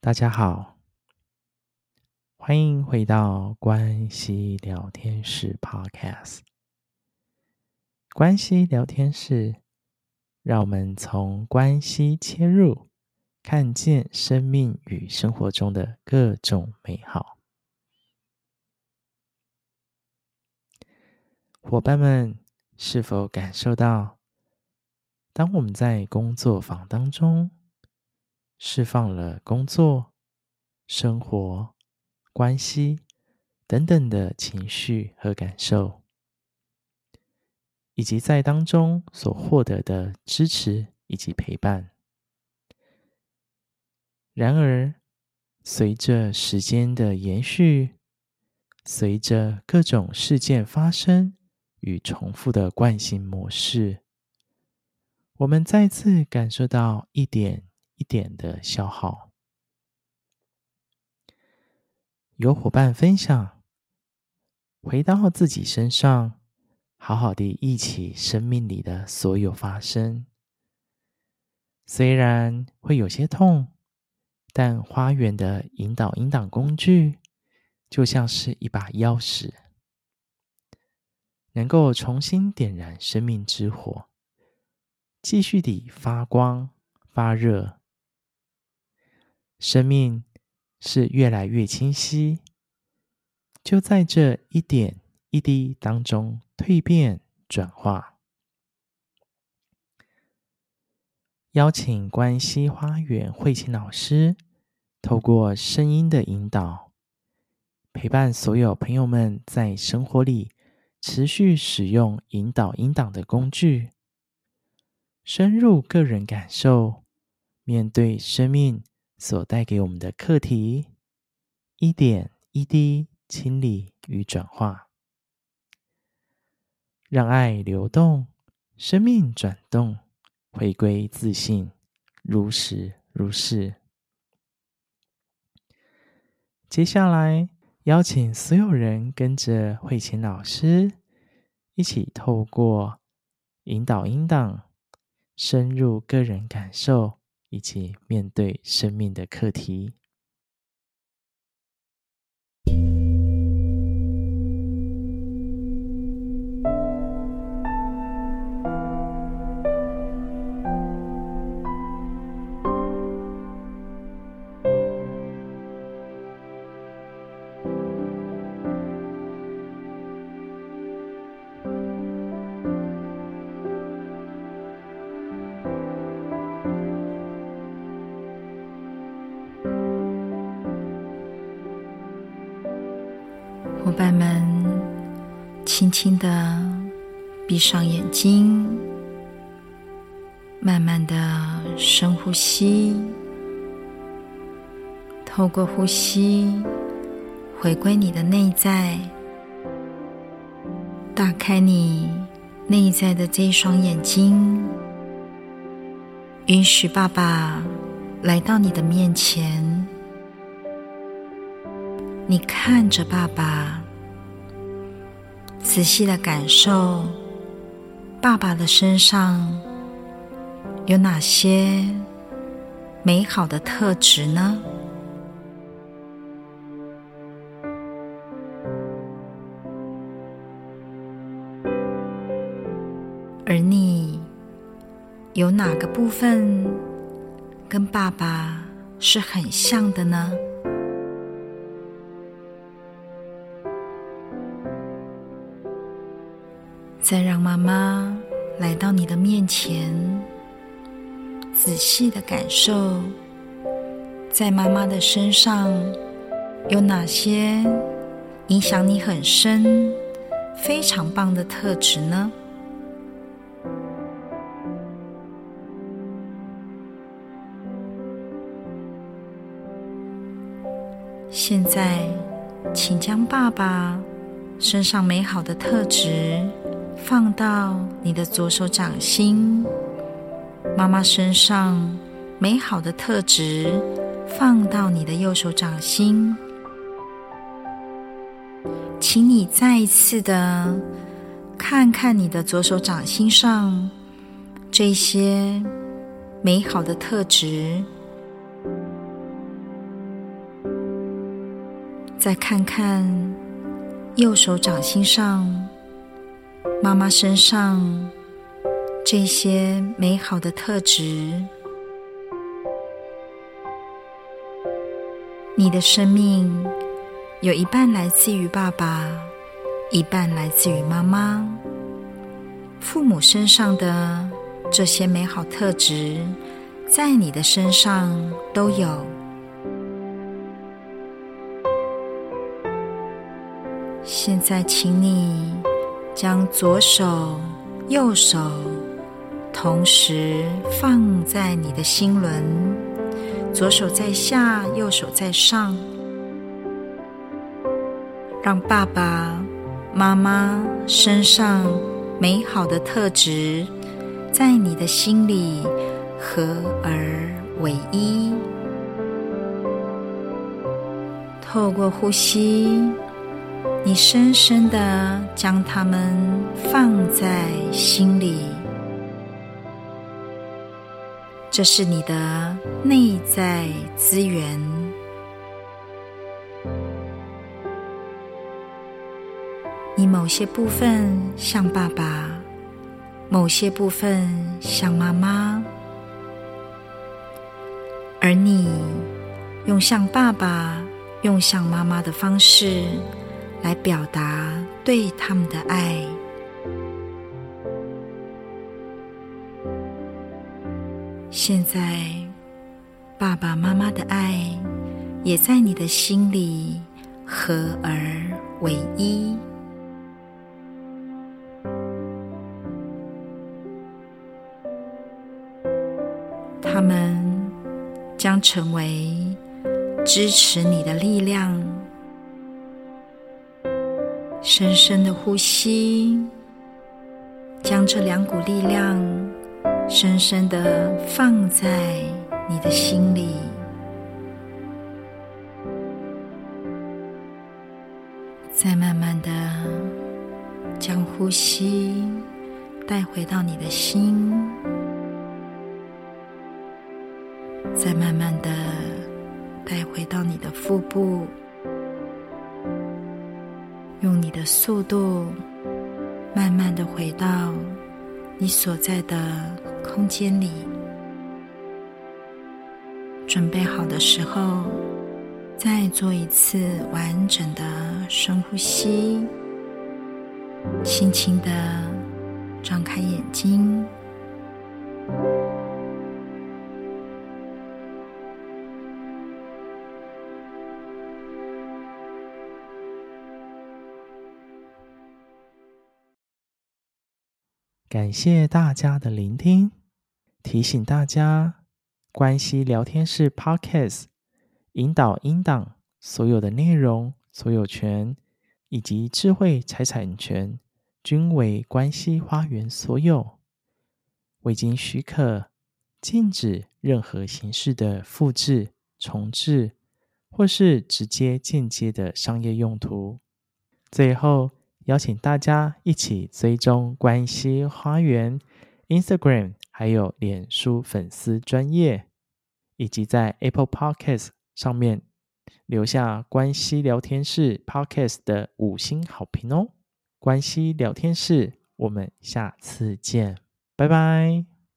大家好，歡迎回到關係聊天室 Podcast。關係聊天室，讓我們從關係切入，看見生命與生活中的各種美好。伙伴們，是否感受到，當我們在工作坊當中，釋放了工作、生活、關係等等的情緒和感受，以及在當中所獲得的支持以及陪伴。然而，隨着時間的延續，隨着各種事件發生與重複的慣性模式，我們再次感受到一點。一點的消耗，有伙伴分享，回到自己身上，好好的憶起生命裡的所有發生。雖然會有些痛，但花園的引導引導工具，就像是一把鑰匙，能夠重新點燃生命之火，繼續地發光發熱。生命是越來越清晰，就在這一點一滴當中蛻變轉化。邀請關係花園慧卿老師，透過聲音的引導，陪伴所有朋友們在生活裡持續使用引導引導的工具，深入個人感受，面對生命，所帶給我們的課題，一點一滴清理與轉化，讓愛流動，生命轉動，回歸自性，如實如是。接下來，邀請所有人跟着慧卿老師一起透過引導音檔，深入個人感受。以及面對生命的課題。伙伴們，輕輕的閉上眼睛，慢慢的深呼吸，透過呼吸回歸你的內在，打開你內在的這一雙眼睛，允許爸爸來到你的面前。你看着爸爸，仔細的感受爸爸的身上有哪些美好的特質呢？而你有哪個部分跟爸爸是很像的呢？再讓媽媽來到你的面前，仔細的感受，在媽媽的身上有哪些影響你很深、非常棒的特質呢？現在，請將爸爸身上美好的特質，放到你的左手掌心，媽媽身上美好的特質，放到你的右手掌心，請你再一次的看看你的左手掌心上，這些美好的特質，再看看右手掌心上。媽媽身上這些美好的特質，你的生命有一半來自於爸爸，一半來自於媽媽。父母身上的這些美好特質，在你的身上都有。現在，請你。將左手、右手同時放在你的心輪，左手在下，右手在上，讓爸爸媽媽身上美好的特質在你的心裡合而為一，透過呼吸。你深深地將他們放在心裡，這是你的內在資源。你某些部分像爸爸，某些部分像媽媽，而你用像爸爸、用像媽媽的方式。來表達對他們的愛。現在，爸爸媽媽的愛也在你的心裡合而為一，他們將成為支持你的力量。深深的呼吸，將這兩股力量深深的放在你的心裡，再慢慢的將呼吸帶回到你的心，再慢慢的帶回到你的腹部。用你的速度，慢慢的回到你所在的空間裡。準備好的時候，再做一次完整的深呼吸。輕輕的張開眼睛。感謝大家的聆聽。提醒大家，關係聊天室 Podcast 引導音檔所有的內容所有權以及智慧財產權，均為關係花園所有。未經許可，禁止任何形式的複製、重製或是直接、間接的商業用途。最後。邀請大家一起追蹤關係花園、Instagram，還有臉書粉絲專頁，以及在 Apple Podcasts 上面留下關係聊天室 Podcast 的五星好評哦！關係聊天室，我們下次見，拜拜。